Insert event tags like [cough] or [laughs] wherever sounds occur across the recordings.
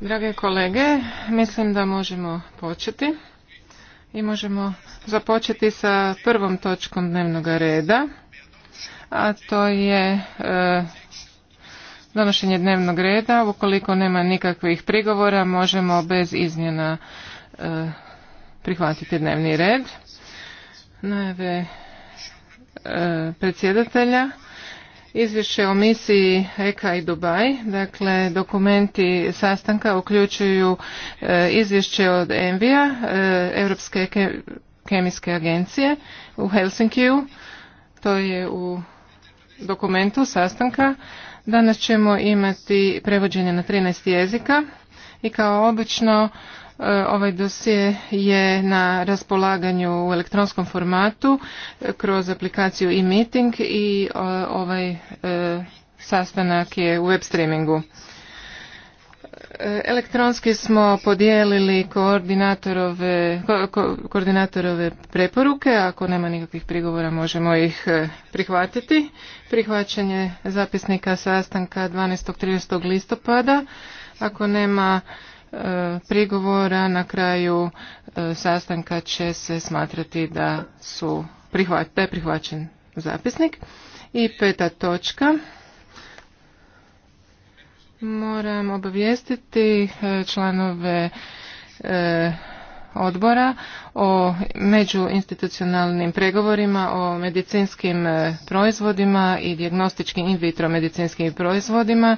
Drage kolege, mislim da možemo početi i možemo započeti sa prvom točkom dnevnog reda, a to je e, donošenje dnevnog reda. Ukoliko nema nikakvih prigovora, možemo bez izmjena e, prihvatiti dnevni red. najave predsjedatelja. Izvješće o misiji EKA i Dubaj, dakle dokumenti sastanka uključuju e, izvješće od Envija, e, Europske kemijske agencije u Helsinkiju, to je u dokumentu sastanka. Danas ćemo imati prevođenje na 13 jezika i kao obično Ovaj dosje je na raspolaganju u elektronskom formatu e, kroz aplikaciju e-meeting i ovaj e, sastanak je u web streamingu. E, elektronski smo podijelili koordinatorove, ko, koordinatorove preporuke, ako nema nikakvih prigovora možemo ih prihvatiti. Prihvaćanje zapisnika sastanka 12. 13. listopada, ako nema prigovora na kraju e, sastanka će se smatrati da su prihvat, prihvaćen zapisnik. I peta točka. Moram obavijestiti e, članove e, odbora o međuinstitucionalnim pregovorima o medicinskim proizvodima i dijagnostičkim in vitro medicinskim proizvodima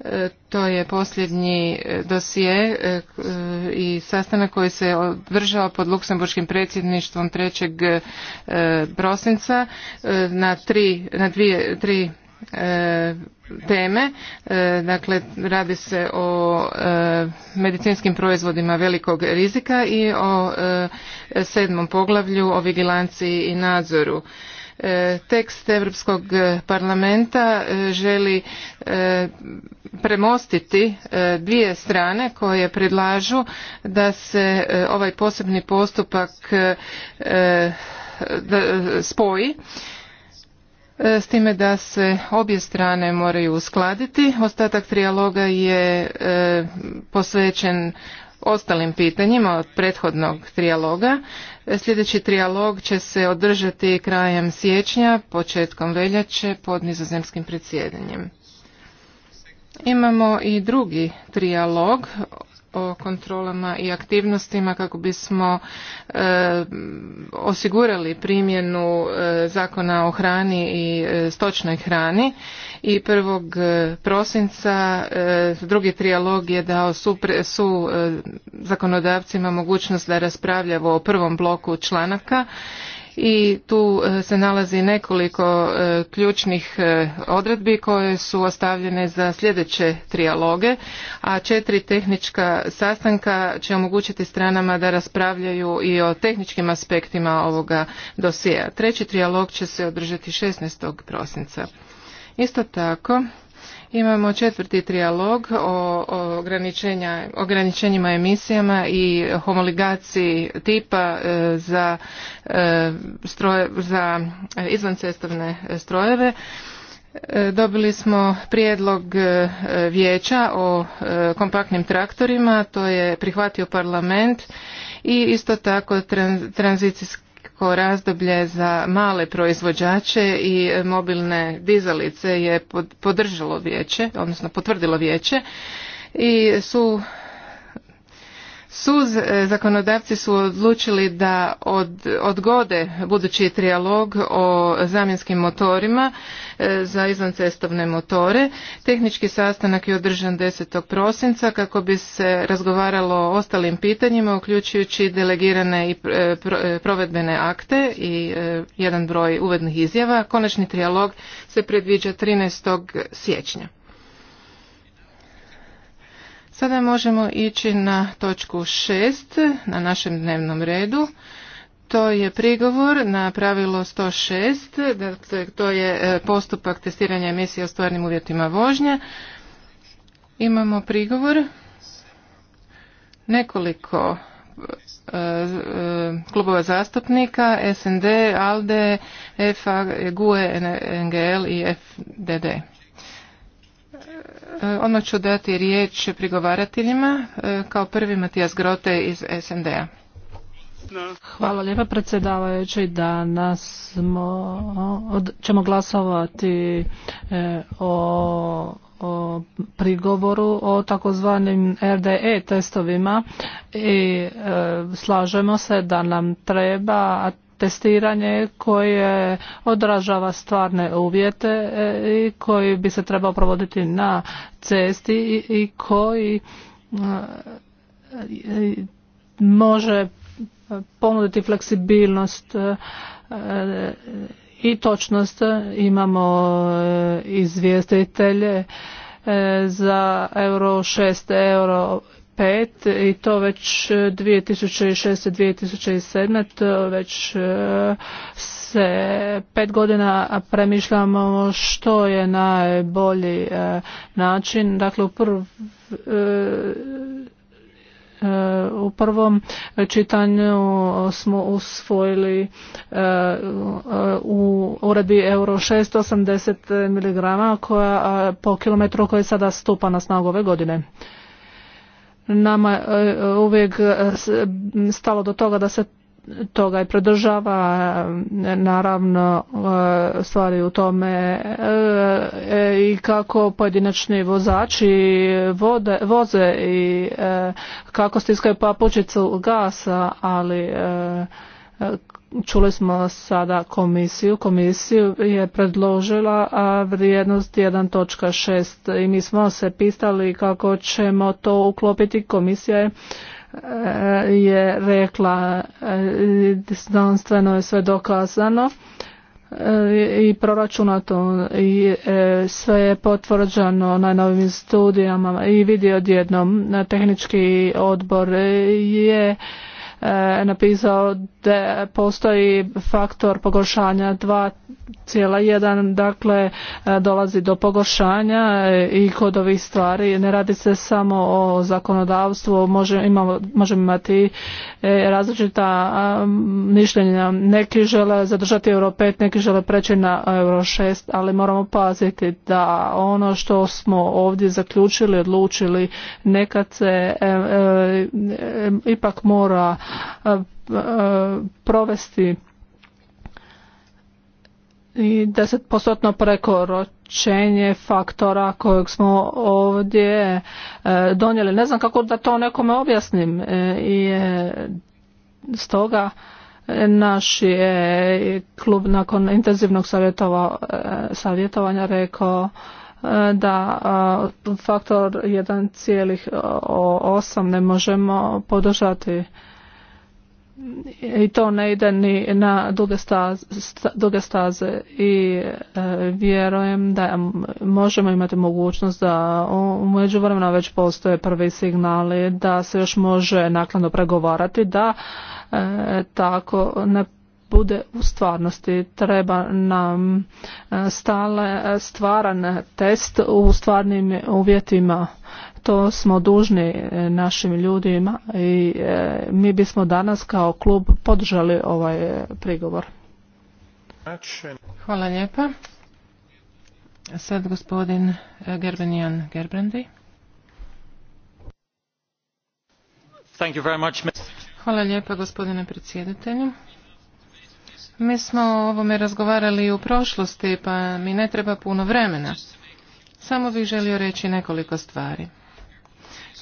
E, to je posljednji e, dosije e, i sastanak koji se održao pod luksemburškim predsjedništvom 3. prosinca na, tri, na dvije, tri teme. Dakle, radi se o medicinskim proizvodima velikog rizika i o sedmom poglavlju o vigilanciji i nadzoru. E, tekst Europskog e, parlamenta e, želi premostiti dvije strane koje predlažu da se ovaj posebni postupak spoji s time da se obje strane moraju uskladiti. Ostatak trijaloga je posvećen ostalim pitanjima od prethodnog trijaloga. Sljedeći trijalog će se održati krajem siječnja, početkom veljače pod nizozemskim predsjedanjem. Imamo i drugi trijalog o kontrolama i aktivnostima kako bismo e, osigurali primjenu e, zakona o hrani i e, stočnoj hrani i 1. prosinca drugi trijalog je dao su, su zakonodavcima mogućnost da raspravljavo o prvom bloku članaka i tu e, se nalazi nekoliko e, ključnih e, odredbi koje su ostavljene za sljedeće trijaloge, a četiri tehnička sastanka će omogućiti stranama da raspravljaju i o tehničkim aspektima ovoga dosjea. Treći trijalog će se održati 16. prosinca. Isto tako, Imamo četvrti trijalog o ograničenjima emisijama i homoligaciji tipa e, za, e, stroje, za izvancestovne strojeve. E, dobili smo prijedlog vijeća o kompaktnim traktorima, to je prihvatio parlament i isto tako tranzicijski razdoblje za male proizvođače i mobilne dizalice je podržalo vijeće, odnosno potvrdilo vijeće i su Suz e, zakonodavci su odlučili da od, odgode budući trijalog o zamjenskim motorima e, za izvancestovne motore. Tehnički sastanak je održan 10. prosinca kako bi se razgovaralo o ostalim pitanjima uključujući delegirane i e, provedbene akte i jedan broj uvednih izjava. Konačni trijalog se predviđa 13. siječnja. Sada možemo ići na točku šest na našem dnevnom redu. To je prigovor na pravilo 106, dakle to je e, postupak testiranja emisije o stvarnim uvjetima vožnje. Imamo prigovor nekoliko e, e, klubova zastupnika SND, ALDE, FA, GUE, NGL i FDD. E, odmah ću dati riječ prigovarateljima, e, kao prvi Matijas Grote iz SND-a. Hvala lijepa predsjedavajući. Danas smo, ćemo glasovati e, o, o prigovoru o takozvanim RDE testovima i slažemo se da nam treba testiranje koje odražava stvarne uvjete e, i koji bi se trebao provoditi na cesti i koji e, može ponuditi fleksibilnost e, i točnost. Imamo izvjestitelje za euro 6, euro pet i to već 2006. E, 2007. To već e, se pet godina premišljamo što je najbolji e, način. Dakle, u u prvom čitanju smo usvojili u uredbi euro 680 mg koja po kilometru koji sada stupa na snagu ove godine nama e, uvijek e, stalo do toga da se toga i pridržava e, naravno stvari u tome i kako pojedinačni vozači vode, voze i kako stiskaju papučicu gasa ali Čuli smo sada komisiju. Komisiju je predložila vrijednost 1.6 i mi smo se pitali kako ćemo to uklopiti. Komisija e, je rekla e, znanstveno je sve dokazano e, i proračunato i sve je potvrđeno na novim studijama i vidio odjednom tehnički odbor je E, napisao da postoji faktor pogoršanja dva cijela jedan dakle e, dolazi do pogoršanja e, i kod ovih stvari ne radi se samo o zakonodavstvu može, imamo, možemo imati e, različita mišljenja neki žele zadržati euro 5 neki žele preći na euro 6 ali moramo paziti da ono što smo ovdje zaključili odlučili nekad se ipak mora provesti i 10% prekoročenje faktora kojeg smo ovdje e, donijeli. Ne znam kako da to nekome objasnim i e, stoga e, naš je klub nakon intenzivnog savjetovanja rekao da faktor 1,8 ne možemo podržati i to ne ide ni na duge staze, duge staze. i e, vjerujem da možemo imati mogućnost da u međuvremenu već postoje prvi signali da se još može naknadno pregovarati da e, tako ne bude u stvarnosti. Treba nam e, stale stvaran test u stvarnim uvjetima to smo dužni e, našim ljudima i e, mi bismo danas kao klub podržali ovaj e, prigovor. Hvala lijepa. Sad gospodin Gerbenijan Gerbrandi. Hvala lijepa gospodine predsjedatelju. Mi smo o ovome razgovarali u prošlosti, pa mi ne treba puno vremena. Samo bih želio reći nekoliko stvari.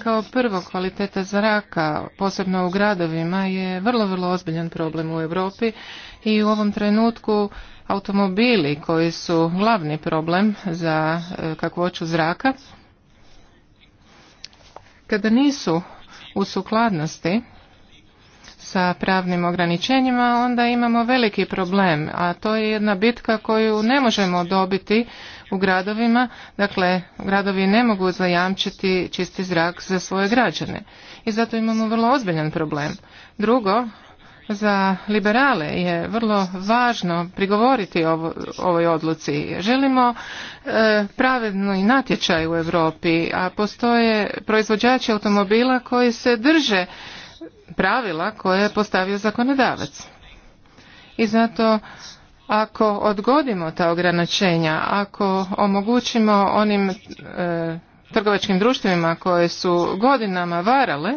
Kao prvo, kvaliteta zraka, posebno u gradovima, je vrlo, vrlo ozbiljan problem u Europi i u ovom trenutku automobili koji su glavni problem za e, kakvoću zraka, kada nisu u sukladnosti sa pravnim ograničenjima, onda imamo veliki problem, a to je jedna bitka koju ne možemo dobiti u gradovima. Dakle, gradovi ne mogu zajamčiti čisti zrak za svoje građane. I zato imamo vrlo ozbiljan problem. Drugo, za liberale je vrlo važno prigovoriti ovo, ovoj odluci. Želimo e, pravedni natječaj u Europi, a postoje proizvođači automobila koji se drže pravila koje je postavio zakonodavac. I zato ako odgodimo ta ograničenja, ako omogućimo onim e, trgovačkim društvima koje su godinama varale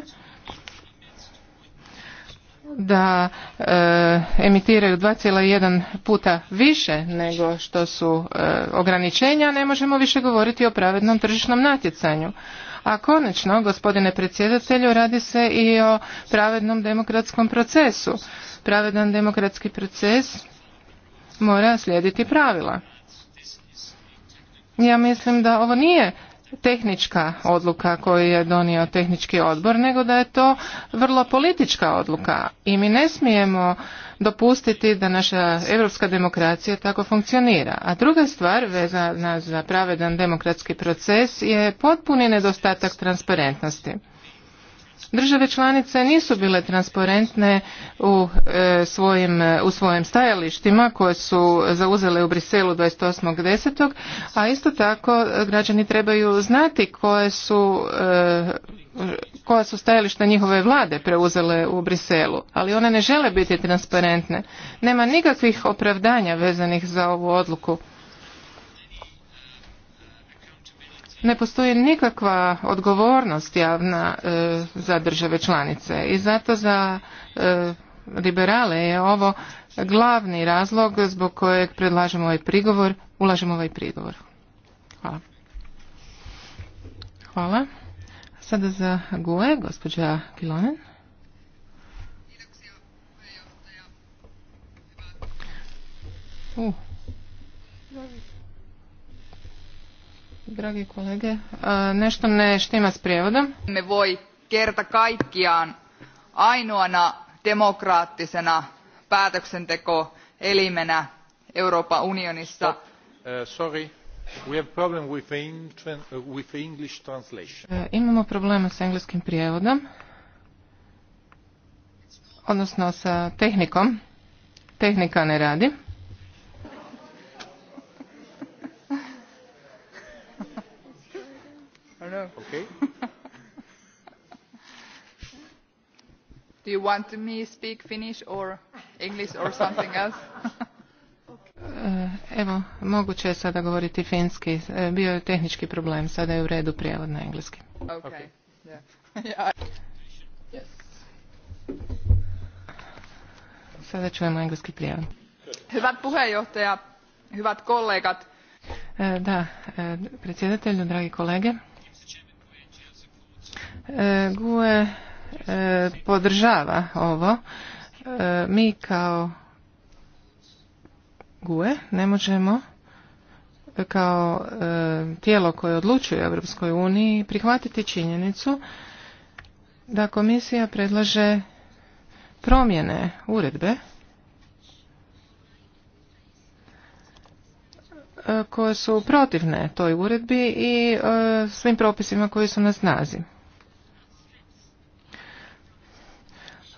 da e, emitiraju 2,1 puta više nego što su e, ograničenja, ne možemo više govoriti o pravednom tržišnom natjecanju. A konačno, gospodine predsjedatelju, radi se i o pravednom demokratskom procesu. Pravedan demokratski proces mora slijediti pravila. Ja mislim da ovo nije tehnička odluka koju je donio tehnički odbor, nego da je to vrlo politička odluka i mi ne smijemo dopustiti da naša europska demokracija tako funkcionira. A druga stvar vezana za pravedan demokratski proces je potpuni nedostatak transparentnosti. Države članice nisu bile transparentne u, e, svojim, u svojim stajalištima koje su zauzele u Briselu 28.10. A isto tako građani trebaju znati koje su e, koja su stajališta njihove vlade preuzele u Briselu, ali one ne žele biti transparentne. Nema nikakvih opravdanja vezanih za ovu odluku. ne postoji nikakva odgovornost javna e, za države članice i zato za e, liberale je ovo glavni razlog zbog kojeg predlažemo ovaj prigovor, ulažemo ovaj prigovor. Hvala. Hvala. Sada za GUE, gospođa Kilonen. Uh. Dragi kolege, e, nešto ne štima s prijevodom. Ne voi kerta kaikkiaan ainoana demokraattisena elimenä Euroopan unionissa. Oh, e, sorry, we have problem with the, uh, with the English translation. E, imamo problema s engleskim prijevodom, odnosno sa tehnikom. Tehnika ne radi. Okay. [laughs] Do you want me to speak Finnish or English or something else? [laughs] Evo, moguće je sada govoriti finski. E, bio je tehnički problem, sada je u redu prijevod na engleski. Okay. [laughs] Yeah. Yes. Sada čujemo engleski prijevod. Hyvät puheenjohtaja, hyvät kollegat. E, da, e, predsjedatelju, dragi kolege. E, GUE e, podržava ovo. E, mi kao GUE ne možemo kao tijelo koje odlučuje u Europskoj uniji prihvatiti činjenicu da komisija predlaže promjene uredbe koje su protivne toj uredbi i svim propisima koji su na snazi.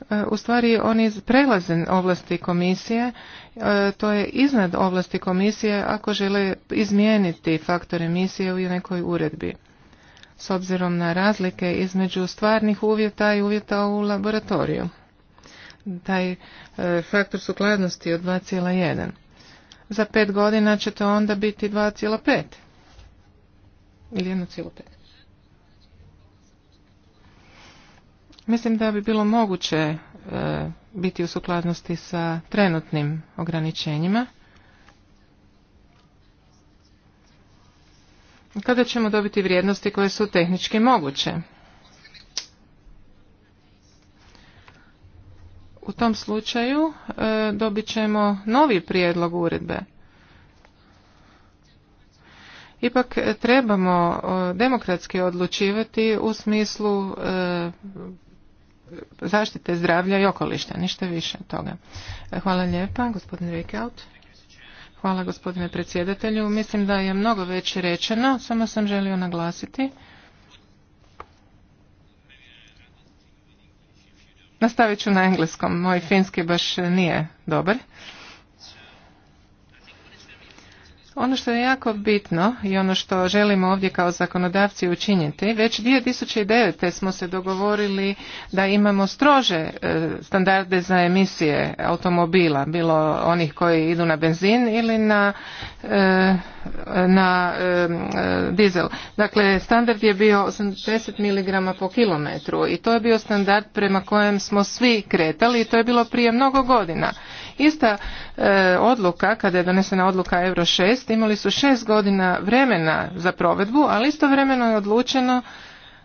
E, u stvari oni prelaze ovlasti komisije, e, to je iznad ovlasti komisije ako žele izmijeniti faktor emisije u nekoj uredbi. S obzirom na razlike između stvarnih uvjeta i uvjeta u laboratoriju. Taj e, faktor sukladnosti od 2,1. Za pet godina će to onda biti 2,5 ili 1,5. Mislim da bi bilo moguće e, biti u sukladnosti sa trenutnim ograničenjima. Kada ćemo dobiti vrijednosti koje su tehnički moguće? U tom slučaju e, dobit ćemo novi prijedlog uredbe. Ipak trebamo e, demokratski odlučivati u smislu zaštite zdravlja i okolišta, ništa više toga. Hvala lijepa, gospodin Rekaut. Hvala gospodine predsjedatelju. Mislim da je mnogo već rečeno, samo sam želio naglasiti. Nastavit ću na engleskom, moj finski baš nije dobar. Ono što je jako bitno i ono što želimo ovdje kao zakonodavci učiniti, već 2009. smo se dogovorili da imamo strože e, standarde za emisije automobila, bilo onih koji idu na benzin ili na, e, na e, dizel. Dakle, standard je bio 80 mg po kilometru i to je bio standard prema kojem smo svi kretali i to je bilo prije mnogo godina. Ista e, odluka, kada je donesena odluka Euro 6, imali su šest godina vremena za provedbu, ali istovremeno je odlučeno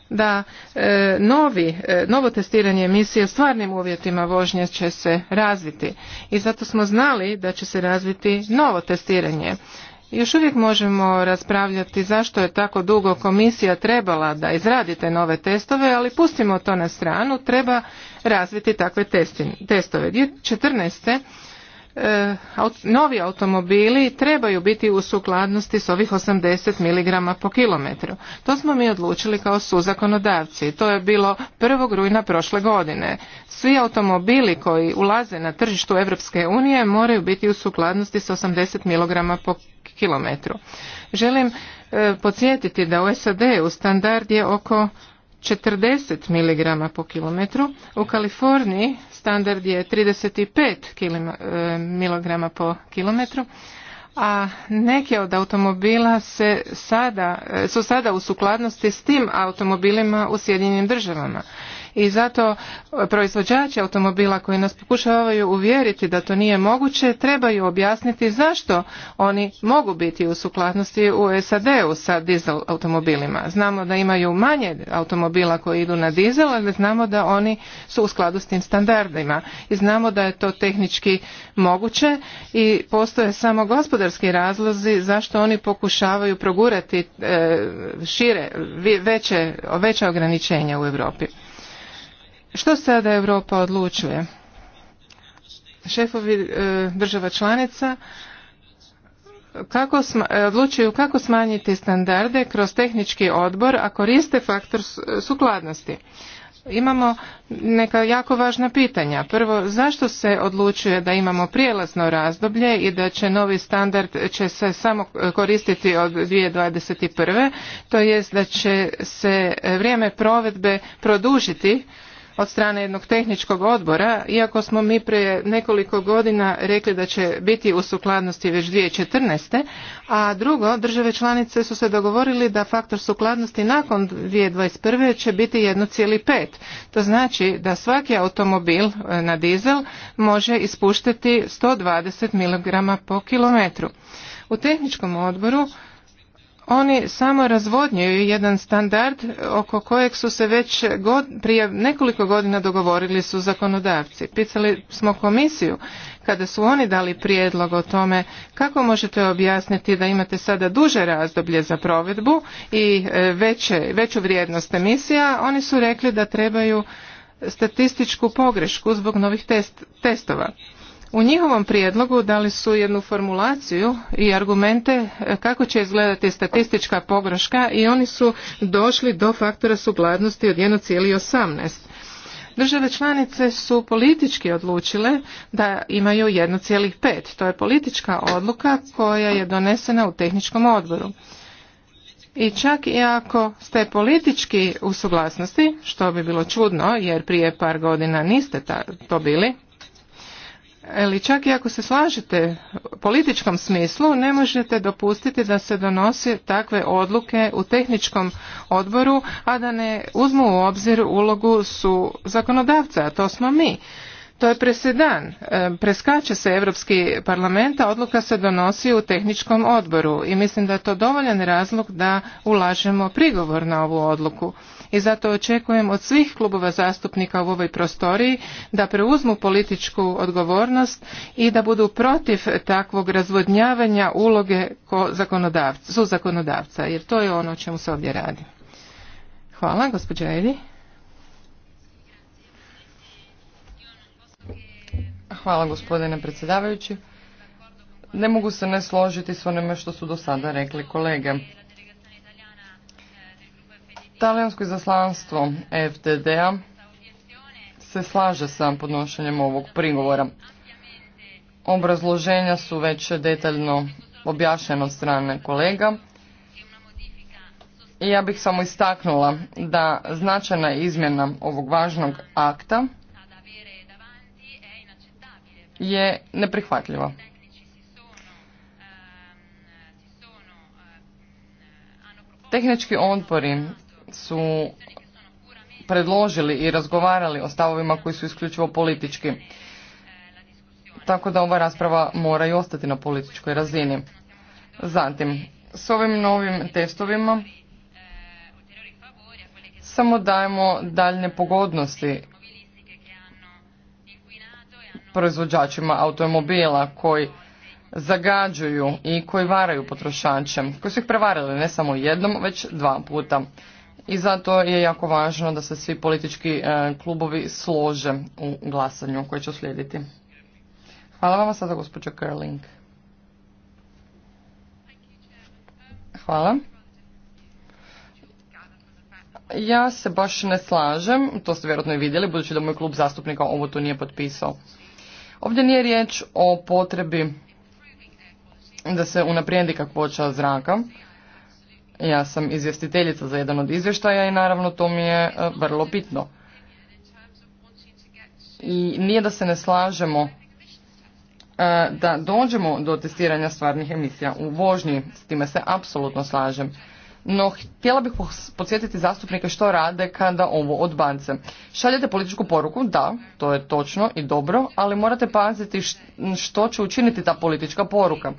da e, novi, e, novo testiranje emisije stvarnim uvjetima vožnje će se razviti i zato smo znali da će se razviti novo testiranje još uvijek možemo raspravljati zašto je tako dugo komisija trebala da izradite nove testove, ali pustimo to na stranu, treba razviti takve testove. 14. E, novi automobili trebaju biti u sukladnosti s ovih 80 mg po kilometru. To smo mi odlučili kao suzakonodavci. To je bilo 1. rujna prošle godine. Svi automobili koji ulaze na tržištu Evropske unije moraju biti u sukladnosti s 80 mg po kilometru. Želim e, podsjetiti da u SAD-u standard je oko 40 mg po kilometru, u Kaliforniji standard je 35 e, mg po kilometru, a neke od automobila se sada, e, su sada u sukladnosti s tim automobilima u Sjedinjenim državama i zato proizvođači automobila koji nas pokušavaju uvjeriti da to nije moguće trebaju objasniti zašto oni mogu biti u sukladnosti u SAD-u sa dizel automobilima. Znamo da imaju manje automobila koji idu na dizel, ali znamo da oni su u skladu s tim standardima i znamo da je to tehnički moguće i postoje samo gospodarski razlozi zašto oni pokušavaju progurati e, šire veće, veća ograničenja u Europi. Što sada Europa odlučuje? Šefovi e, država članica kako sma, e, odlučuju kako smanjiti standarde kroz tehnički odbor, a koriste faktor e, sukladnosti. Imamo neka jako važna pitanja. Prvo, zašto se odlučuje da imamo prijelazno razdoblje i da će novi standard će se samo koristiti od 2021. To jest da će se vrijeme provedbe produžiti od strane jednog tehničkog odbora, iako smo mi prije nekoliko godina rekli da će biti u sukladnosti već 2014. A drugo, države članice su se dogovorili da faktor sukladnosti nakon 2021. će biti 1,5. To znači da svaki automobil e, na dizel može ispuštati 120 mg po kilometru. U tehničkom odboru oni samo razvodnjuju jedan standard oko kojeg su se već prije nekoliko godina dogovorili su zakonodavci. Pisali smo komisiju kada su oni dali prijedlog o tome kako možete objasniti da imate sada duže razdoblje za provedbu i e, veće, veću vrijednost emisija, oni su rekli da trebaju statističku pogrešku zbog novih test, testova. U njihovom prijedlogu dali su jednu formulaciju i argumente e, kako će izgledati statistička pogreška i oni su došli do faktora sugladnosti od 1,18. Države članice su politički odlučile da imaju 1,5. To je politička odluka koja je donesena u tehničkom odboru. I čak i ako ste politički u suglasnosti, što bi bilo čudno jer prije par godina niste to bili, ali čak i ako se slažete u političkom smislu, ne možete dopustiti da se donose takve odluke u tehničkom odboru, a da ne uzmu u obzir ulogu su zakonodavca, a to smo mi. To je presedan. E, preskače se Europski parlament, a odluka se donosi u tehničkom odboru i mislim da je to dovoljan razlog da ulažemo prigovor na ovu odluku i zato očekujem od svih klubova zastupnika u ovoj prostoriji da preuzmu političku odgovornost i da budu protiv takvog razvodnjavanja uloge su jer to je ono o čemu se ovdje radi. Hvala, gospođa Hvala gospodine predsjedavajući. Ne mogu se ne složiti s onime što su do sada rekli kolege. Talijansko izaslanstvo FTDA se slaže sa podnošenjem ovog prigovora. Obrazloženja su već detaljno objašnjena od strane kolega. I ja bih samo istaknula da značajna izmjena ovog važnog akta je neprihvatljiva. Tehnički odpori su predložili i razgovarali o stavovima koji su isključivo politički. Tako da ova rasprava mora i ostati na političkoj razini. Zatim, s ovim novim testovima samo dajemo daljne pogodnosti proizvođačima automobila koji zagađuju i koji varaju potrošače, koji su ih prevarili ne samo jednom, već dva puta i zato je jako važno da se svi politički e, klubovi slože u glasanju koje će slijediti. Hvala vam sada gospođo Kerling. Hvala. Ja se baš ne slažem, to ste vjerojatno i vidjeli, budući da moj klub zastupnika ovo tu nije potpisao. Ovdje nije riječ o potrebi da se unaprijedi kakvoća zraka, ja sam izvjestiteljica za jedan od izvještaja i naravno to mi je e, vrlo bitno. I nije da se ne slažemo e, da dođemo do testiranja stvarnih emisija u vožnji, s time se apsolutno slažem. No, htjela bih podsjetiti zastupnike što rade kada ovo odbance. Šaljete političku poruku, da, to je točno i dobro, ali morate paziti što će učiniti ta politička poruka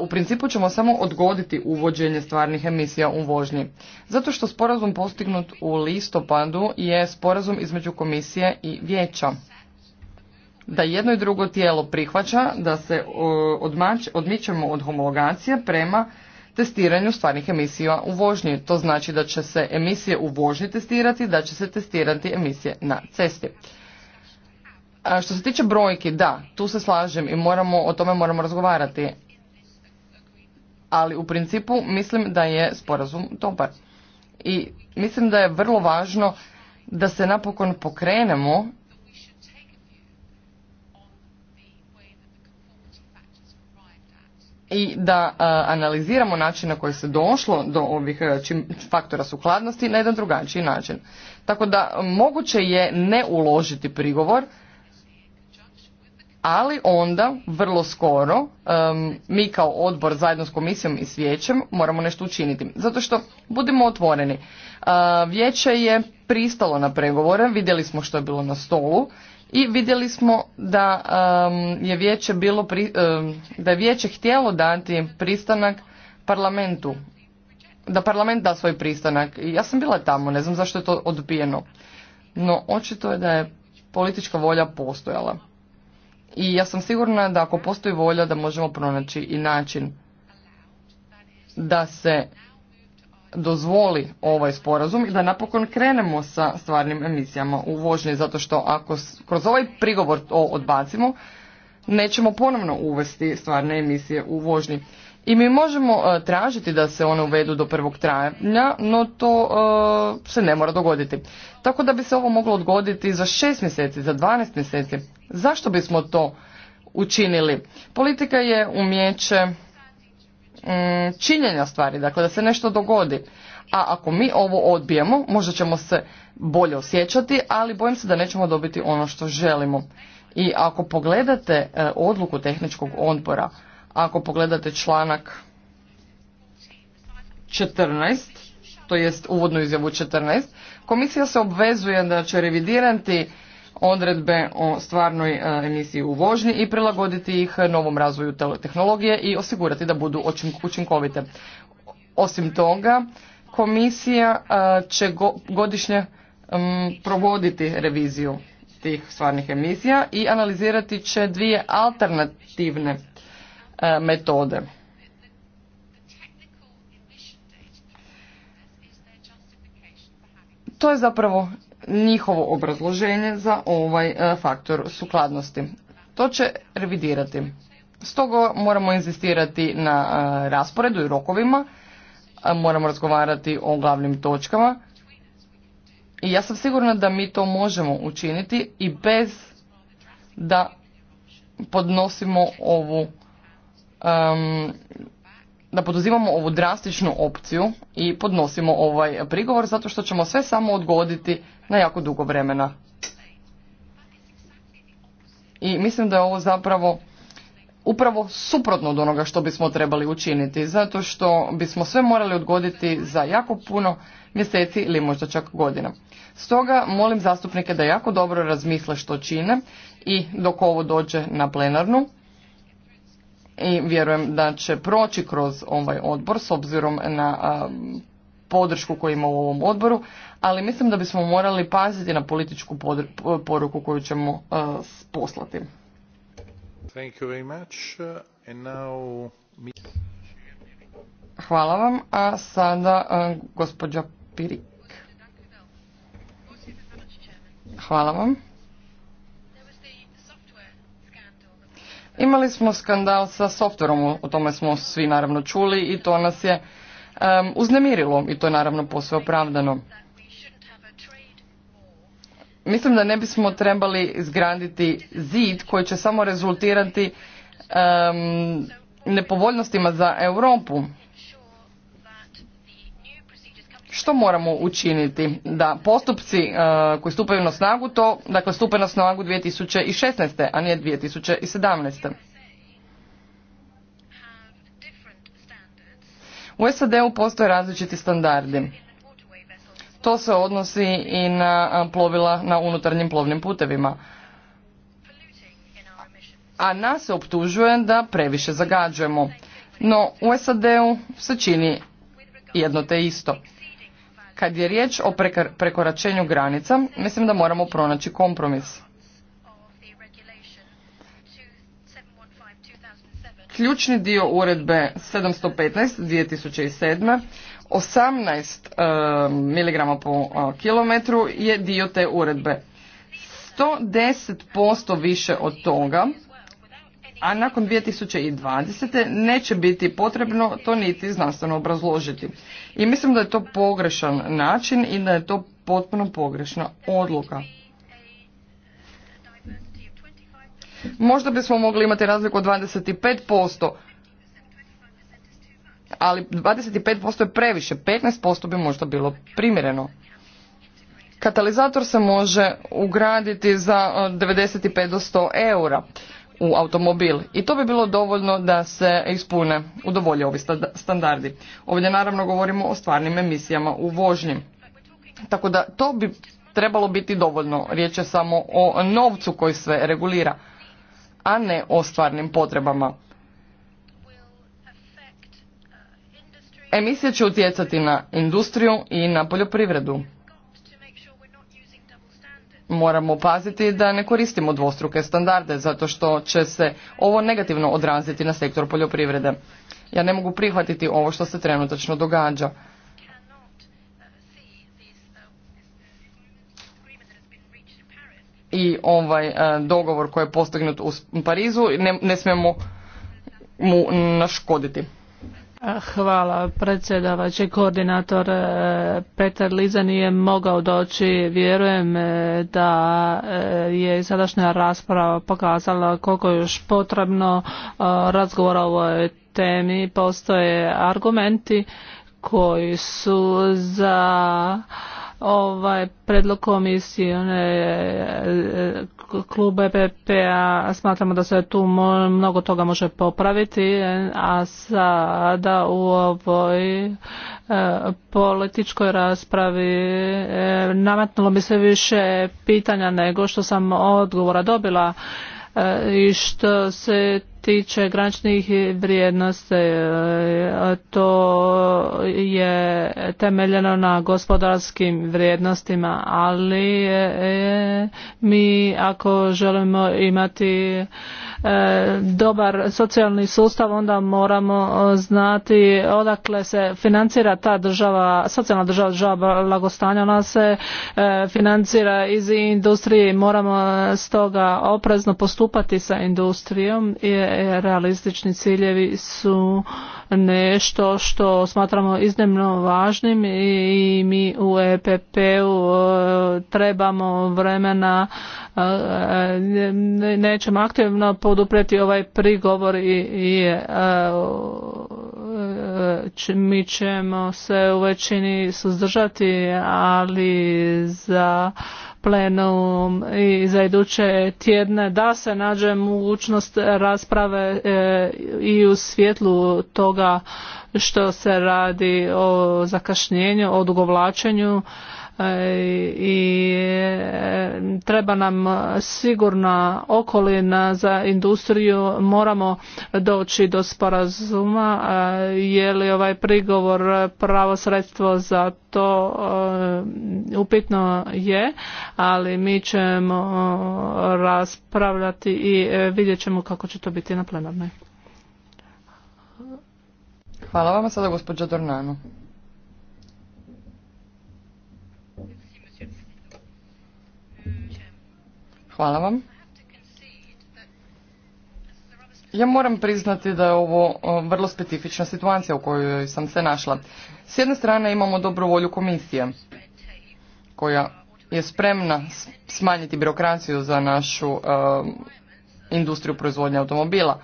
u principu ćemo samo odgoditi uvođenje stvarnih emisija u vožnji. Zato što sporazum postignut u listopadu je sporazum između komisije i vijeća. Da jedno i drugo tijelo prihvaća da se odmač, odmičemo od homologacije prema testiranju stvarnih emisija u vožnji. To znači da će se emisije u vožnji testirati, da će se testirati emisije na cesti. A što se tiče brojki, da, tu se slažem i moramo, o tome moramo razgovarati, ali u principu mislim da je sporazum dobar. I mislim da je vrlo važno da se napokon pokrenemo i da analiziramo način na koji se došlo do ovih faktora sukladnosti na jedan drugačiji način. Tako da moguće je ne uložiti prigovor, ali onda vrlo skoro mi kao odbor zajedno s komisijom i s vijećem moramo nešto učiniti zato što budimo otvoreni e, vijeće je pristalo na pregovore vidjeli smo što je bilo na stolu i vidjeli smo da je vijeće bilo da je vijeće htjelo dati pristanak parlamentu da parlament da svoj pristanak ja sam bila tamo ne znam zašto je to odbijeno no očito je da je politička volja postojala i ja sam sigurna da ako postoji volja da možemo pronaći i način da se dozvoli ovaj sporazum i da napokon krenemo sa stvarnim emisijama u vožnji, zato što ako kroz ovaj prigovor to odbacimo, nećemo ponovno uvesti stvarne emisije u vožnji. I mi možemo e, tražiti da se one uvedu do prvog travnja, no to e, se ne mora dogoditi. Tako da bi se ovo moglo odgoditi za šest mjeseci, za 12 mjeseci. Zašto bismo to učinili? Politika je umjeće mm, činjenja stvari, dakle da se nešto dogodi. A ako mi ovo odbijemo, možda ćemo se bolje osjećati, ali bojim se da nećemo dobiti ono što želimo. I ako pogledate e, odluku tehničkog odbora, ako pogledate članak 14, to jest uvodnu izjavu 14, komisija se obvezuje da će revidirati odredbe o stvarnoj e, emisiji u vožnji i prilagoditi ih novom razvoju tehnologije i osigurati da budu učinkovite. Osim toga, komisija e, će godišnje provoditi reviziju tih stvarnih emisija i analizirati će dvije alternativne E, metode. To je zapravo njihovo obrazloženje za ovaj e, faktor sukladnosti. To će revidirati. Stoga moramo inzistirati na e, rasporedu i rokovima, moramo razgovarati o glavnim točkama i ja sam sigurna da mi to možemo učiniti i bez da podnosimo ovu um, da poduzimamo ovu drastičnu opciju i podnosimo ovaj prigovor zato što ćemo sve samo odgoditi na jako dugo vremena. I mislim da je ovo zapravo upravo suprotno od onoga što bismo trebali učiniti, zato što bismo sve morali odgoditi za jako puno mjeseci ili možda čak godina. Stoga molim zastupnike da jako dobro razmisle što čine i dok ovo dođe na plenarnu, i vjerujem da će proći kroz ovaj odbor s obzirom na podršku koju ima u ovom odboru, ali mislim da bismo morali paziti na političku poruku koju ćemo poslati. Hvala vam, a sada gospođa Pirik. Hvala vam. Imali smo skandal sa softverom, o tome smo svi naravno čuli i to nas je uznemirilo i to je naravno posve opravdano. Mislim da ne bismo trebali izgraditi zid koji će samo rezultirati nepovoljnostima za Europu što moramo učiniti da postupci e, koji stupaju na snagu to, dakle stupe na snagu 2016. a nije 2017. U SAD-u postoje različiti standardi. To se odnosi i na e, plovila na unutarnjim plovnim putevima. A nas se optužuje da previše zagađujemo. No u SAD-u se čini jedno te isto. Kad je riječ o prekoračenju granica, mislim da moramo pronaći kompromis. Ključni dio uredbe 715 2007 18 mg po e, kilometru je dio te uredbe. 110% više od toga a nakon 2020. neće biti potrebno to niti znanstveno obrazložiti. I mislim da je to pogrešan način i da je to potpuno pogrešna odluka. Možda bismo mogli imati razliku od 25%, ali 25% je previše, 15% bi možda bilo primjereno. Katalizator se može ugraditi za 95 eh, do 100 eura u automobil i to bi bilo dovoljno da se ispune, dovolje ovi standardi. Ovdje naravno govorimo o stvarnim emisijama u vožnji. Tako da to bi trebalo biti dovoljno. Riječ je samo o novcu koji sve regulira, a ne o stvarnim potrebama. Emisije će utjecati na industriju i na poljoprivredu moramo paziti da ne koristimo dvostruke standarde zato što će se ovo negativno odraziti na sektor poljoprivrede. Ja ne mogu prihvatiti ovo što se trenutačno događa. I ovaj e, dogovor koji je postignut u Parizu ne, ne smijemo mu naškoditi. Hvala predsjedavajući. Koordinator e, Peter Liza nije mogao doći. Vjerujem e, da e, je sadašnja rasprava pokazala koliko je još potrebno razgovora o ovoj temi. Postoje argumenti koji su za ovaj predlog komisije eh, eh, kluba e bpp a smatramo da se tu mnogo toga može popraviti, a sada u ovoj eh, političkoj raspravi nametnulo mi se više pitanja nego što sam odgovora dobila i što se tiče graničnih vrijednosti, e, to je temeljeno na gospodarskim vrijednostima, ali e, mi ako želimo imati E, dobar socijalni sustav onda moramo e, znati odakle se financira ta država, socijalna država, država blagostanja, ona se e, financira iz industrije i moramo stoga oprezno postupati sa industrijom i realistični ciljevi su nešto što smatramo iznimno važnim i mi u EPP-u trebamo vremena nećemo aktivno podupreti ovaj prigovor i, i mi ćemo se u većini suzdržati, ali za plenum i za iduće tjedne da se nađe mogućnost rasprave e, i u svjetlu toga što se radi o zakašnjenju, o odugovlačenju E, i e, treba nam sigurna okolina za industriju moramo doći do sporazuma e, je li ovaj prigovor pravo sredstvo za to upitno je ali mi ćemo raspravljati i vidjet ćemo kako će to biti na plenarnoj Hvala vam sada gospođa Dornano. Hvala vam. Ja moram priznati da je ovo e, vrlo specifična situacija u kojoj sam se našla. S jedne strane imamo dobru volju komisije koja je spremna smanjiti birokraciju za našu e, industriju proizvodnje automobila.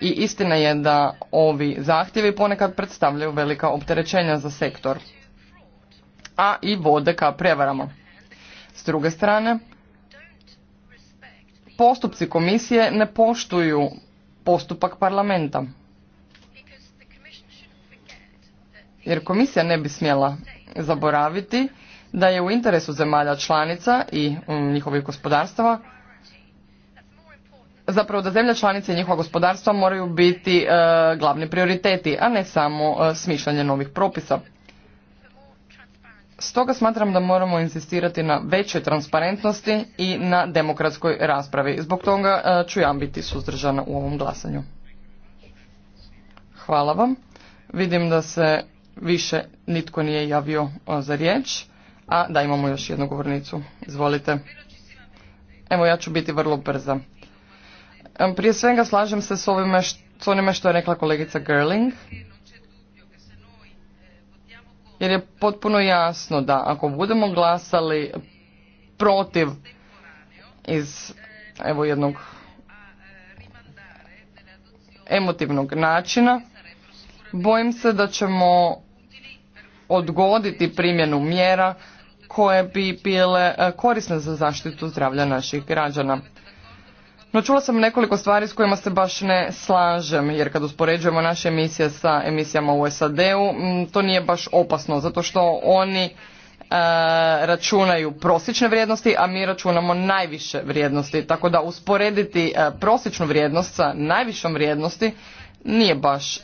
I istina je da ovi zahtjevi ponekad predstavljaju velika opterećenja za sektor, a i vode ka prevarama. S druge strane, postupci komisije ne poštuju postupak parlamenta. Jer komisija ne bi smjela zaboraviti da je u interesu zemalja članica i mm, njihovih gospodarstava zapravo da zemlja članice i njihova gospodarstva moraju biti e, glavni prioriteti, a ne samo e, smišljanje novih propisa. Stoga smatram da moramo insistirati na većoj transparentnosti i na demokratskoj raspravi. Zbog toga e, ću ja biti suzdržana u ovom glasanju. Hvala vam. Vidim da se više nitko nije javio e, za riječ, a da imamo još jednu govornicu. Izvolite. Evo ja ću biti vrlo brza. E, prije svega slažem se s, onime što je rekla kolegica Gerling jer je potpuno jasno da ako budemo glasali protiv iz evo jednog emotivnog načina, bojim se da ćemo odgoditi primjenu mjera koje bi bile e, korisne za zaštitu zdravlja naših građana. No čula sam nekoliko stvari s kojima se baš ne slažem, jer kad uspoređujemo naše emisije sa emisijama u SAD-u, to nije baš opasno, zato što oni e, računaju prosječne vrijednosti, a mi računamo najviše vrijednosti. Tako da usporediti e, prosječnu vrijednost sa najvišom vrijednosti nije baš e,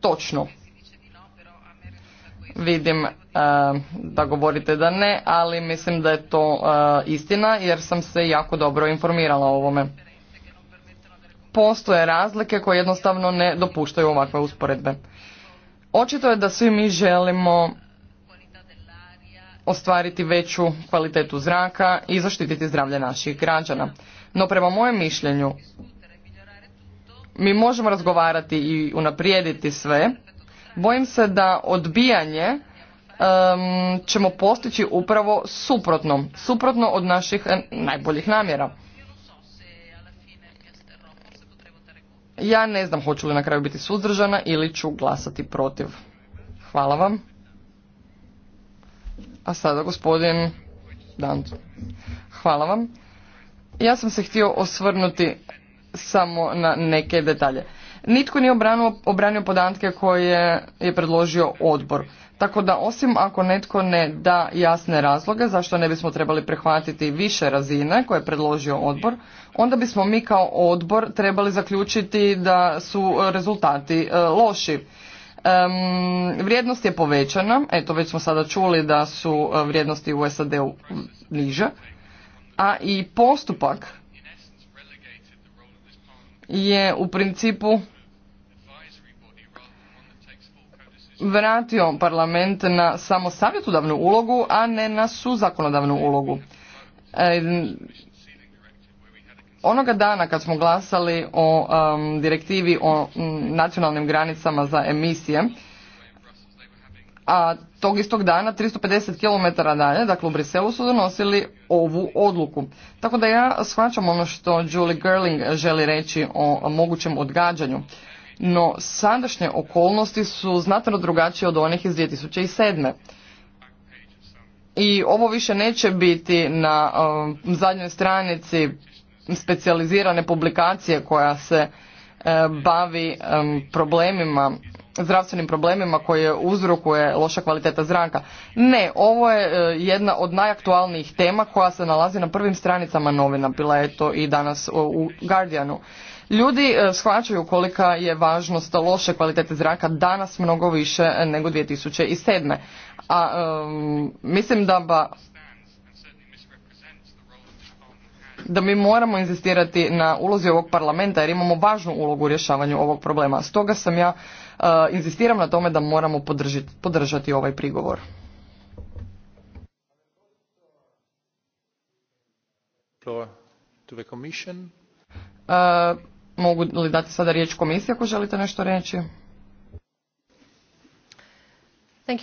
točno. Vidim da govorite da ne, ali mislim da je to istina jer sam se jako dobro informirala o ovome postoje razlike koje jednostavno ne dopuštaju ovakve usporedbe. Očito je da svi mi želimo ostvariti veću kvalitetu zraka i zaštititi zdravlje naših građana. No prema mojem mišljenju, mi možemo razgovarati i unaprijediti sve. Bojim se da odbijanje ćemo postići upravo suprotno, suprotno od naših najboljih namjera. Ja ne znam hoću li na kraju biti suzdržana ili ću glasati protiv. Hvala vam. A sada gospodin Dant. Hvala vam. Ja sam se htio osvrnuti samo na neke detalje. Nitko nije obranio, obranio podatke koje je predložio odbor. Tako da osim ako netko ne da jasne razloge zašto ne bismo trebali prihvatiti više razine koje je predložio odbor, onda bismo mi kao odbor trebali zaključiti da su rezultati e, loši. vrijednost je povećana, eto već smo sada čuli da su e, vrijednosti u SAD-u niže, a i postupak je u principu vratio parlament na samo savjetodavnu ulogu, a ne na zakonodavnu ulogu. E, onoga dana kad smo glasali o um, direktivi o nacionalnim granicama za emisije, a tog istog dana 350 km dalje, dakle u Briselu su donosili ovu odluku. Tako da ja shvaćam ono što Julie Gerling želi reći o mogućem odgađanju no sadašnje okolnosti su znatno drugačije od onih iz 2007. I ovo više neće biti na um, zadnjoj stranici specijalizirane publikacije koja se e, bavi problemima zdravstvenim problemima koje uzrokuje loša kvaliteta zraka. Ne, ovo je e, jedna od najaktualnijih tema koja se nalazi na prvim stranicama novina. Bila je to i danas u Guardianu. Ljudi e, shvaćaju kolika je važnost loše kvalitete zraka danas mnogo više nego 2007. A mislim da da mi moramo inzistirati na ulozi ovog parlamenta jer imamo važnu ulogu u rješavanju ovog problema. Stoga sam ja e, inzistiram na tome da moramo podržati ovaj prigovor. Uh, Mogu li dati sada riječ komisiji ako želite nešto reći? Thank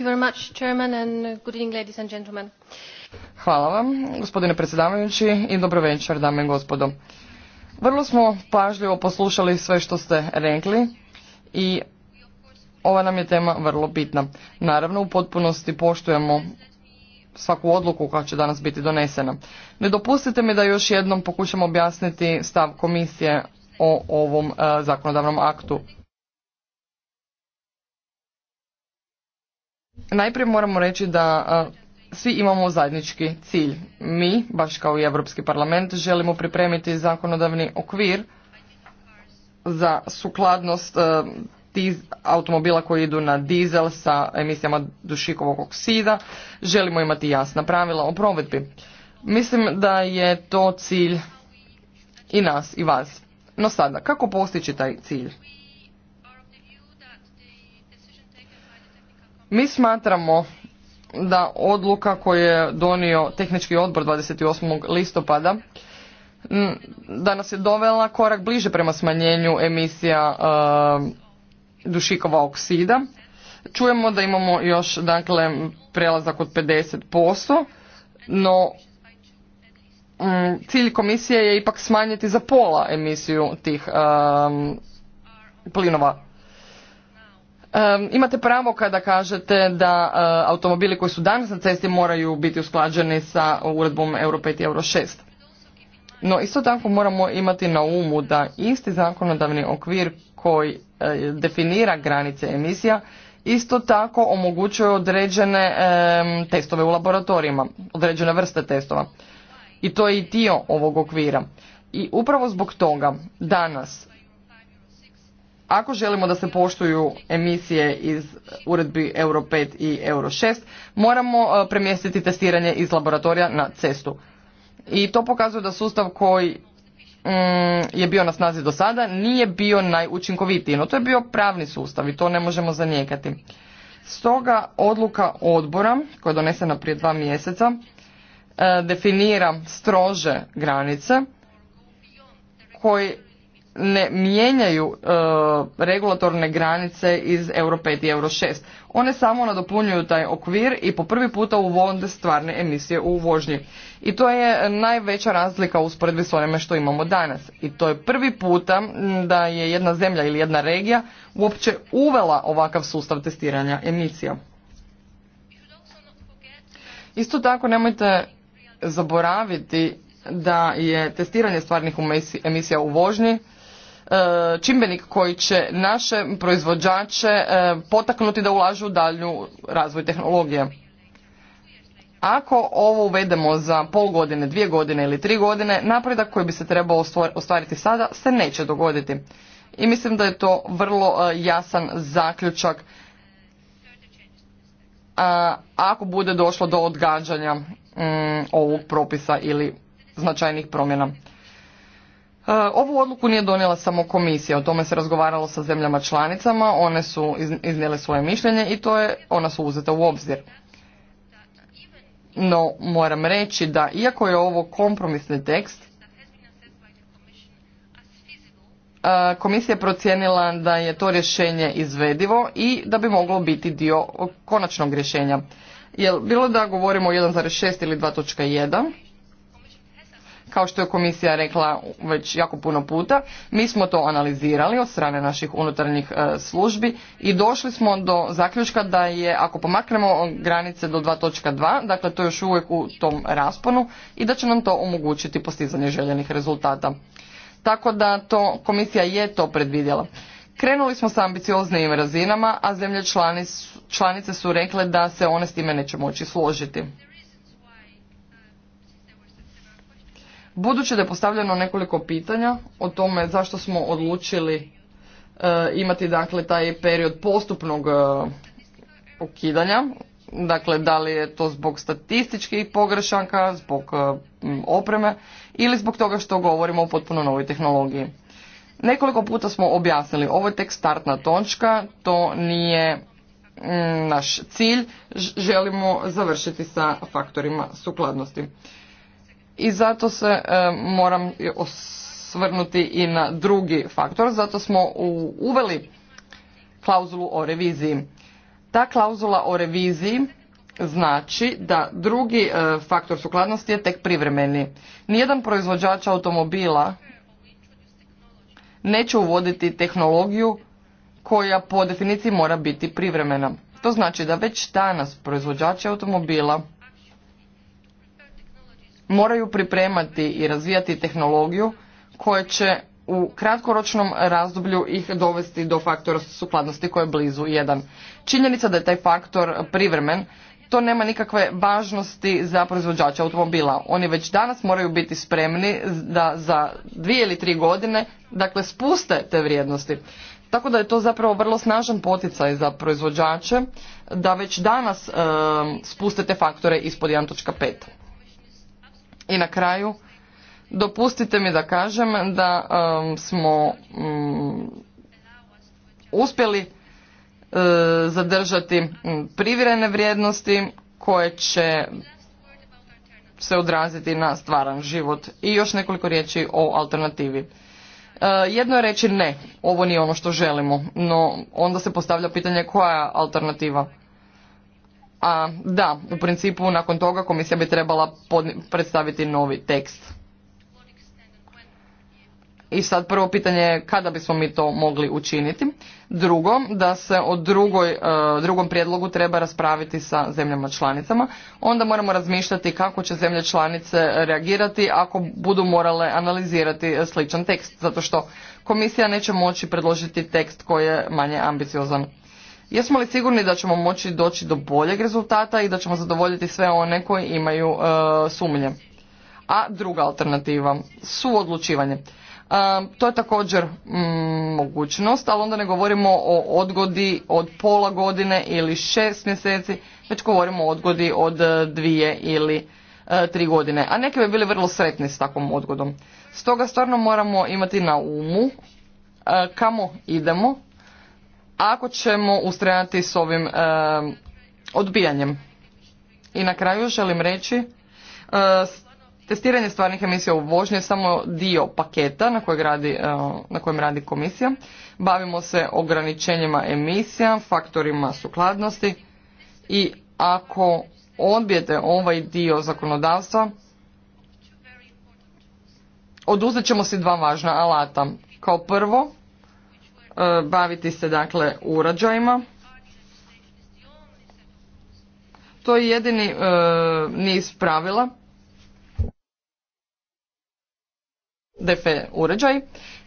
Hvala vam, gospodine predsjedavajući, i dobro večer, dame i gospodo. Vrlo smo pažljivo poslušali sve što ste rekli i ova nam je tema vrlo bitna. Naravno, u potpunosti poštujemo svaku odluku koja će danas biti donesena. Ne dopustite mi da još jednom pokušam objasniti stav komisije o ovom e, zakonodavnom aktu. Najprije moramo reći da e, svi imamo zajednički cilj. Mi, baš kao i Europski parlament, želimo pripremiti zakonodavni okvir za sukladnost e, automobila koji idu na dizel sa emisijama dušikovog oksida. Želimo imati jasna pravila o provedbi. Mislim da je to cilj i nas i vas. No sada, kako postići taj cilj? Mi smatramo da odluka koju je donio tehnički odbor 28. listopada da nas je dovela korak bliže prema smanjenju emisija e, dušikova oksida. Čujemo da imamo još dakle prelazak od 50%, no Mm, cilj komisije je ipak smanjiti za pola emisiju tih um, plinova. Um, imate pravo kada kažete da uh, automobili koji su danas na cesti moraju biti usklađeni sa uredbom Euro 5 i Euro 6. No isto tako moramo imati na umu da isti zakonodavni okvir koji uh, definira granice emisija isto tako omogućuje određene um, testove u laboratorijima, određene vrste testova i to je i dio ovog okvira. I upravo zbog toga danas ako želimo da se poštuju emisije iz uredbi Euro 5 i Euro 6, moramo e, premjestiti testiranje iz laboratorija na cestu. I to pokazuje da sustav koji mm, je bio na snazi do sada nije bio najučinkovitiji, no to je bio pravni sustav i to ne možemo zanijekati. Stoga odluka odbora koja je donesena prije dva mjeseca E, definira strože granice koji ne mijenjaju e, regulatorne granice iz Euro 5 i Euro 6. One samo nadopunjuju taj okvir i po prvi puta uvode stvarne emisije u vožnji. I to je najveća razlika u usporedbi s onime što imamo danas. I to je prvi puta da je jedna zemlja ili jedna regija uopće uvela ovakav sustav testiranja emisija. Isto tako nemojte zaboraviti da je testiranje stvarnih emisija u vožnji e, čimbenik koji će naše proizvođače e, potaknuti da ulažu u dalju razvoj tehnologije. Ako ovo uvedemo za pol godine, dvije godine ili tri godine, napredak koji bi se trebao ostvariti sada se neće dogoditi. I mislim da je to vrlo e, jasan zaključak a ako bude došlo do odgađanja Mm, ovog propisa ili značajnih promjena. E, ovu odluku nije donijela samo komisija, o tome se razgovaralo sa zemljama članicama, one su iznijele svoje mišljenje i to je, ona su uzeta u obzir. No, moram reći da iako je ovo kompromisni tekst, e, komisija je procijenila da je to rješenje izvedivo i da bi moglo biti dio konačnog rješenja. Jel, bilo da govorimo o 1.6 ili 2.1, kao što je komisija rekla već jako puno puta, mi smo to analizirali od strane naših unutarnjih e, službi i došli smo do zaključka da je, ako pomaknemo granice do 2.2, dakle to je još uvijek u tom rasponu i da će nam to omogućiti postizanje željenih rezultata. Tako da to komisija je to predvidjela. Krenuli smo sa ambicioznim razinama, a zemlje članice su rekle da se one s time neće moći složiti. Budući da je postavljeno nekoliko pitanja o tome zašto smo odlučili e, imati dakle taj period postupnog e, ukidanja, dakle da li je to zbog statističkih pogrešanka, zbog e, opreme ili zbog toga što govorimo o potpuno novoj tehnologiji. Nekoliko puta smo objasnili, ovo je tek startna točka, to nije mm, naš cilj, želimo završiti sa faktorima sukladnosti. I zato se e, moram osvrnuti i na drugi faktor, zato smo uveli klauzulu o reviziji. Ta klauzula o reviziji znači da drugi e, faktor sukladnosti je tek privremeni. Nijedan proizvođač automobila neće uvoditi tehnologiju koja po definiciji mora biti privremena. To znači da već danas proizvođači automobila moraju pripremati i razvijati tehnologiju koja će u kratkoročnom razdoblju ih dovesti do faktora sukladnosti koji je blizu jedan. Činjenica da je taj faktor privremen to nema nikakve važnosti za proizvođača automobila. Oni već danas moraju biti spremni da za dvije ili tri godine dakle spuste te vrijednosti. Tako da je to zapravo vrlo snažan poticaj za proizvođače da već danas e, spuste te faktore ispod 1.5. I na kraju dopustite mi da kažem da e, smo mm, uspjeli E, zadržati privirene vrijednosti koje će se odraziti na stvaran život. I još nekoliko riječi o alternativi. E, jedno je reći ne, ovo nije ono što želimo, no onda se postavlja pitanje koja je alternativa. A da, u principu nakon toga komisija bi trebala predstaviti novi tekst. I sad prvo pitanje je kada bismo mi to mogli učiniti. Drugo, da se o drugoj, e, drugom prijedlogu treba raspraviti sa zemljama članicama. Onda moramo razmišljati kako će zemlje članice reagirati ako budu morale analizirati sličan tekst. Zato što komisija neće moći predložiti tekst koji je manje ambiciozan. Jesmo li sigurni da ćemo moći doći do boljeg rezultata i da ćemo zadovoljiti sve one koji imaju e, sumnje? A druga alternativa, su odlučivanje. To je također mm, mogućnost, ali onda ne govorimo o odgodi od pola godine ili šest mjeseci, već govorimo o odgodi od e, dvije ili e, tri godine. A neki bi bili vrlo sretni s takvom odgodom. Stoga stvarno moramo imati na umu e, kamo idemo ako ćemo ustrajati s ovim odbijanjem. I na kraju želim reći Testiranje stvarnih emisija u je samo dio paketa na, kojeg radi, e, na kojem radi komisija. Bavimo se ograničenjima emisija, faktorima sukladnosti i ako odbijete ovaj dio zakonodavstva, oduzet ćemo si dva važna alata. Kao prvo, e, baviti se dakle urađajima. To je jedini e, niz pravila DF uređaj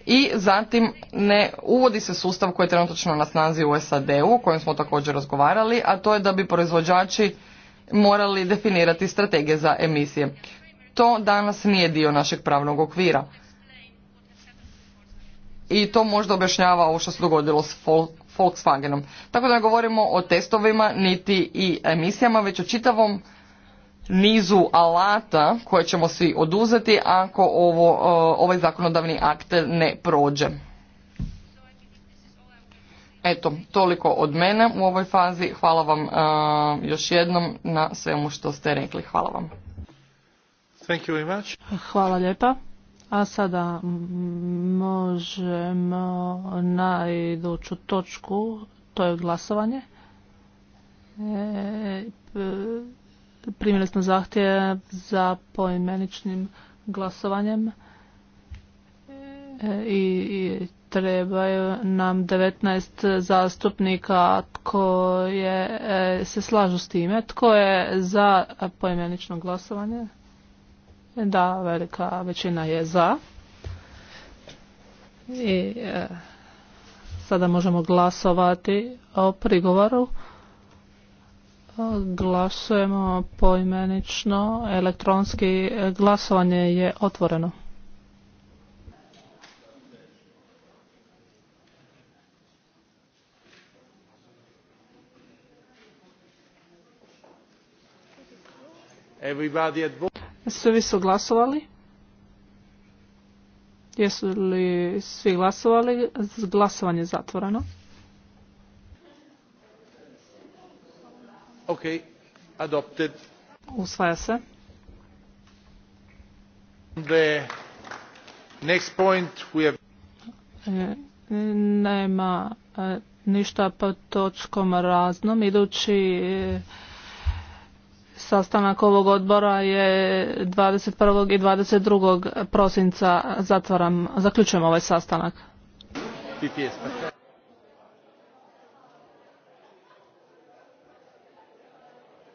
i zatim ne uvodi se sustav koji je trenutno na snazi u SAD-u o kojem smo također razgovarali, a to je da bi proizvođači morali definirati strategije za emisije. To danas nije dio našeg pravnog okvira. I to možda objašnjava ovo što se dogodilo s Volkswagenom. Tako da ne govorimo o testovima niti i emisijama, već o čitavom nizu alata koje ćemo svi oduzeti ako ovo, e, ovaj zakonodavni akt ne prođe. Eto, toliko od mene u ovoj fazi. Hvala vam e, još jednom na svemu što ste rekli. Hvala vam. Thank you very much. Hvala lijepa. A sada možemo na iduću točku, to je glasovanje. E, primili smo za poimeničnim glasovanjem e, i trebaju nam 19 zastupnika koje e, se slažu s time. Tko je za poimenično glasovanje? Da, velika većina je za. I e, sada možemo glasovati o prigovoru Glasujemo poimenično. Elektronski glasovanje je otvoreno. Svi su glasovali. Jesu li svi glasovali? Glasovanje je zatvoreno. Okay. Adopted. Usvaja se. The next point we have... E, nema e, ništa pod točkom raznom. Idući e, sastanak ovog odbora je 21. i 22. prosinca. Zatvaram, zaključujem ovaj sastanak.